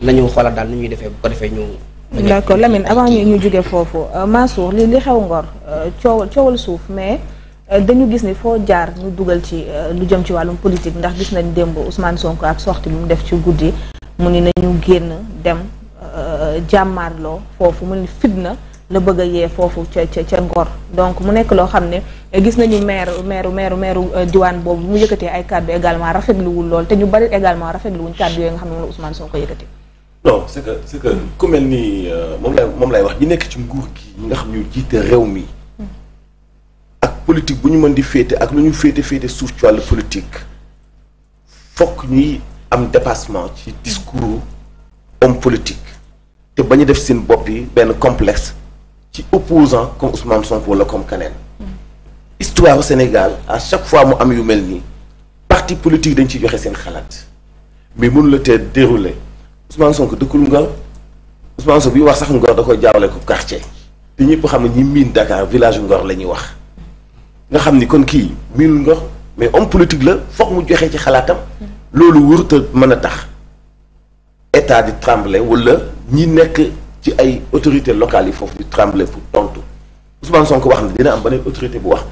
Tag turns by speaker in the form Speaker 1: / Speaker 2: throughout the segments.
Speaker 1: nañu xola daal ni ñuy defee bu ko defee ñu. d' accord Lamine avant ñu ñu jóge foofu euh, Mansour li li xew Ngor euh, coow coowal suuf mais euh, dañu gis ni foo jaar ñu dugal ci lu jëm ci wàllum politique ndax gis nañ démb Ousmane Sonko ak sortie bi mu def ci guddi mu ni nañu génn dem jàmmaarloo foofu mu ni fitna la bëgg a yee foofu ca ca ca Ngor donc mu nekk loo xam ne gis nañu maire maire maire maire diwaan boobu mu yëkkatee ay kàddu également rafetluwul lool te ñu bari également rafetluwuñ kàddu yooyu nga xam ne moom la Ousmane Sonko non c'est que c'est que comme elle ni euh, moom lay moom lay wax ñi nekk ci nguur gi ñi nga xam ñu jiite réew mi ak politique bu ñu mën di à ak lu ñu féete féete suuf ci politique fokk nous, am dépassement ci discours homme politique te bañu def seen bopp yi benn complexe ci opposant comme Ousmane Sonko wala comme keneen histoire au Sénégal à chaque fois mu am yu parti politique dañ type joxe seen xalaat mais mënu la tee déroulé Ousmane Sonko dëkkul nga Ousmane Sonko bi wax sax Ngor da koy jaawale ko quartier te ñëpp xam ne ñi miin Dakar village Ngor la ñuy wax nga xam ni kon kii miinul Ngor mais homme politique la foog mu joxe ci xalaatam loolu wërta mën a tax état di tremblé wala ñi nekk ci ay autorités locales yi foofu di tremblé pour tontu Ousmane Sonko wax na dina am beneen autorité bu wax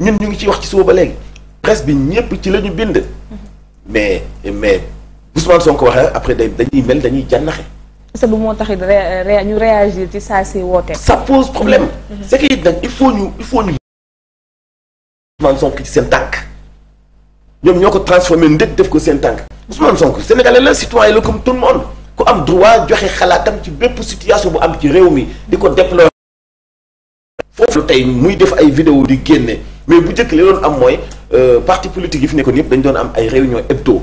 Speaker 1: ñun ñu ngi ci wax ci suba ba léegi presse bi ñëpp ci la ñu bind mm-hmm. mais mais Ousmane Sonko waxe après dañuy mel dañuy jannaxé est-ce que du moo taxit ñu réagir ci ça si woté ça pose problème. Mm-hmm. c'est que it nag il faut ñu il faut ñu. Ousmane Sonko ci sen tank ñom ñoko transformer transformé def ko sen tank Ousmane Sonko sénégalais la citoyen la comme tout le monde ko am droit joxé xalaatam ci bép situation bu am ci réew mi diko ko déplorer. foofu tey muy def ay vidéo di génne mais bu jëk li doon am mooy euh, parti politique yi fi nekkoon yëpp dañ doon am ay réunion hebdo.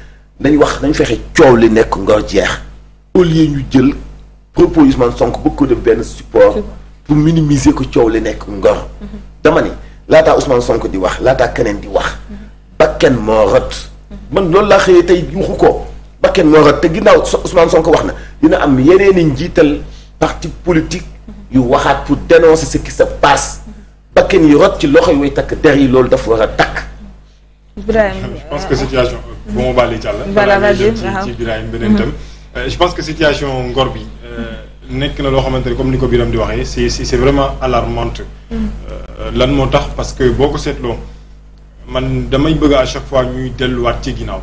Speaker 1: dañ wax dañ fexe coow li nekk nga jeex au lieu ñu jël propos Ousmane Sonko bëgg ko def benn support pour minimiser ko coow li nekk ngor mhm. dama ni laataa Ousmane Sonko di wax laataa keneen di wax mhm. bakken moo rot mhm. man loolu laa xëyee tey waxu ko bakken moo rot te ginnaaw Ousmane Sonko wax na dina am yeneeni njiital parti politique yu waxaat pour dénoncer ce qui se passe bakken yi rot ci loxo way takk der yi loolu dafa war a takk Ibrahima je pense que situation bon on va
Speaker 2: aller voilà ci Birahim beneen tam. Mhm. Euh, je pense que situation ngor bi. Euh, nekk na lo xamanteni comme ni ko di waxe c'est c'est vraiment alarmante. Mhm. Euh, lan moo parce que boko ko seetloo man damay bëgg à chaque fois ñuy wat ci ginnaaw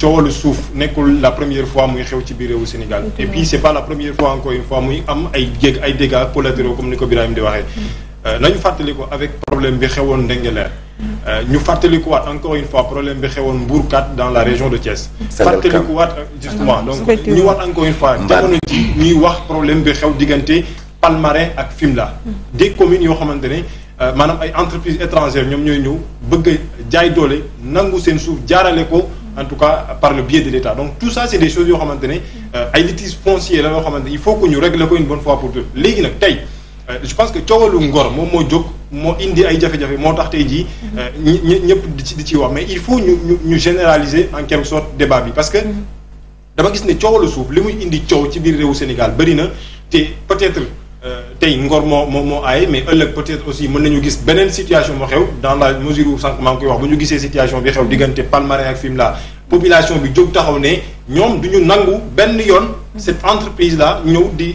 Speaker 2: coowalu souf nekul la première fois muy xew ci biir rew Sénégal. et puis c'est pas la première fois encore une fois muy am ay jég ay dégâts collatéraux comme ni ko Birame di waxee. Mhm. nañu fatali ko avec problème bi xewoon Ndengeleer. Euh, ñu fàttalikuwaat encore une fois problème bi xewoon Mbourkat dans la région de Thiès. fàttalikuwaat euh, justement ah, donc ñu wat encore une fois jamono ci ñi wax problème bi xew Palmarin ak fimla hmm. des communes yo xamante euh, manam ay entreprises étrangères ñom ñoy ñëw bëgg jaay dolé nangu seen souf jaarale ko en tout cas par le biais de l'État donc tout ça c'est des choses yo xamante ay litiges fonciers la yo xamante il faut que ñu régler ko une bonne fois pour toutes légui nak tay je pense que coowalu Ngor mom mo jóg moo indi ay jafe-jafe moo tax tey jii. Euh, ñi ñëpp di ci ci wax mais il faut ñu ñu généraliser en quelque sorte débat bi parce que. Mm-hmm. dama gis ne coow la suuf li muy indi coow ci biir réewu Sénégal bëri na te peut-être euh, tey ngor moo moo moo aaye mais ëllëg peut-être aussi mën nañu gis beneen situation moo xew dans la mesure où sànq maa ngi koy wax bu ñu gisee situation bi xew diggante Palmarin ak Fimela population bi jóg taxaw ne ñoom du ñu nangu benn yoon. Mm-hmm. cette entreprise là ñëw di.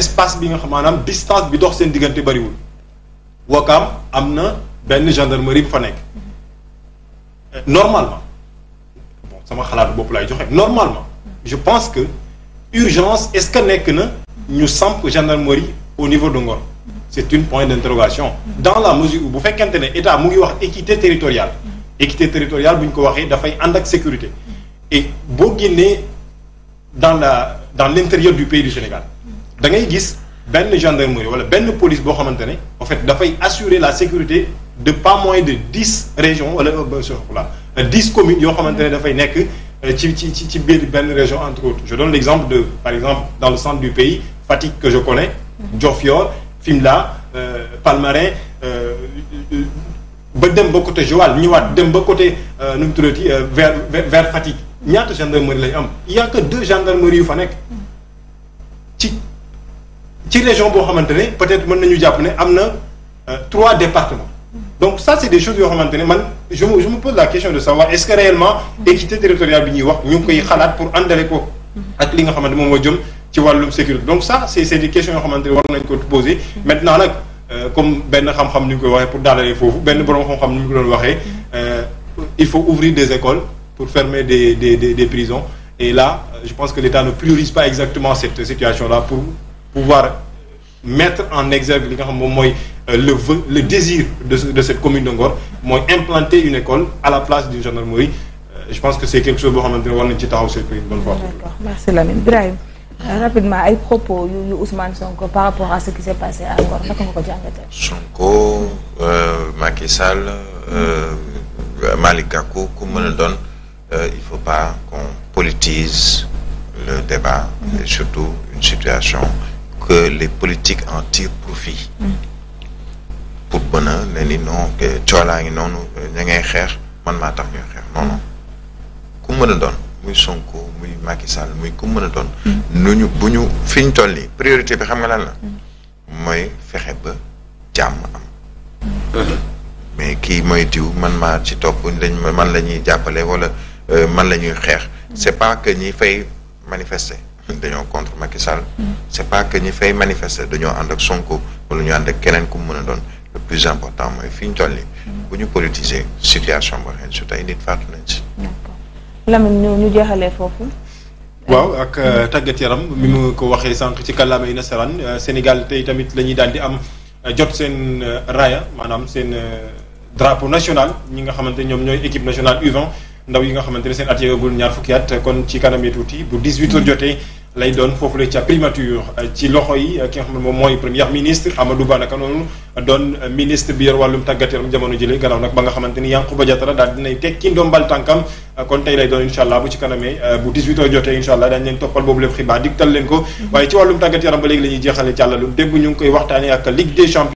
Speaker 2: espace bi nga xam distance bi dox sen diggante bari wul am amna ben gendarmerie bu fa nekk normalement bon sama xalaat bopp lay joxe normalement je pense que urgence est-ce que nek na ñu samp gendarmerie au niveau de Ngor c'est une point d'interrogation dans la mesure où bu fekkente ne état mu ngi wax équité territoriale équité territoriale buñ ñu ko waxee dafay ànd ak sécurité et bo génnee dans la dans l'intérieur du pays du Sénégal da ngay gis benn gendarmerie wala benn police boo xamante ne en fait dafay assurer la sécurité de pas moins de dix régions wala euh, ben, voilà euh, dix communes yoo xamante ne dafay nekk euh, ci ci ci ci biir benn région entre autres je donne l'exemple de par exemple dans le centre du pays Fatick que je connais Diofior Fimela Palmarin ba dem ba côté Joal ñëwaat dem ba côté nu mu tuddati vers vers Fatick ñaata gendarmerie lañ am il y a que deux gendarmeries yu fa nekk ci ci région boo xamante ne peut-être mën nañu jàpp ne am na euh, trois départements donc ça c'est des choses yoo xamante ne man je me je me pose la question de savoir est-ce que réellement équité territoriale bi ñuy wax ñu ngi koy xalaat pour àndale ko ak li nga xamante moom moo jëm ci wàllum sécurité donc ça c'est c'est des questions yoo xamante ne war nañ ko poser maintenant nag euh, comme benn xam-xam ni ñu koy waxee pour daalalee foofu benn borom xam-xam ni ñu ko doon waxee euh, il faut ouvrir des écoles pour fermer des des des, des prisons et là je pense que l'État ne priorise pas exactement cette situation là pour pouvoir mettre en exergue euh, le le désir de cette commune de Ngor implanter une école à la place d'une gendarmerie euh, je pense que c'est quelque chose de on ne c'est une bonne fois.
Speaker 1: merci Lamine Brahim, euh, rapidement à propos de Ousmane Sonko par rapport à ce qui s'est passé à Ngor Sonko Macky Sall Malik Gakou on le donne, euh, il faut pas qu'on politise le débat mm-hmm. et surtout une situation. Les politiques en tir profitent mm. pour bonheur hein, les lignes. Non, que toi là, il n'y a rien à faire. Moi, je m'attends. Non, non, comme on le donne, mais son coup, mais maquissal, mais comme on le donne, mm. nous nous bougons finit en ligne. Priorité de la malade, mm. mais qui m'a dit ou manmarti top une ligne malignée d'appeler vol maligné. C'est pas que ni fait manifester dañoo contre Macky Sall. c'est pas que ñi fay manifester dañoo ànd ak Sonko wala ñu ànd ak keneen ku mu mën a doon le plus important mooy fi ñu toll nii. bu ñu politiser situation boo xam ne surtout ay nit faatu nañ si. d' ñu ñu jeexalee foofu. waaw ak euh,
Speaker 2: tàggat yaram mi mu ko waxee sànq ci kàllaamay nasaraan euh, Sénégal tey tamit la ñuy daal di am euh, jot seen raaya maanaam seen drapeau national ñi nga xamante ñoom ñooy équipe nationale U20 ndaw yi nga xamante ne seen at yeegagul ñaar fukki at kon ci kanam yi tuuti bu 18h jotee lay doon foofu la ca primature euh, ci loxo yi ki nga xam ne mooy premier ministre Amadou Ba naka noonu doon ministre bi yor wàllum tàggat yaram jamono jëlee gannaaw nag ba nga xamante ni Yankhoba Diattara daal dinay teg ndombal tànkam euh, kon tey lay doon incha allah bu ci kanamee euh, bu 18 heures jotee incha allah daañu leen toppal boobu lépp xibaar digtal leen ko mm-hmm. waaye ci wàllum tàggat yaram ba léegi la ñuy jeexale ci àllalu dégg ñu ngi koy waxtaanee ak Ligue des champions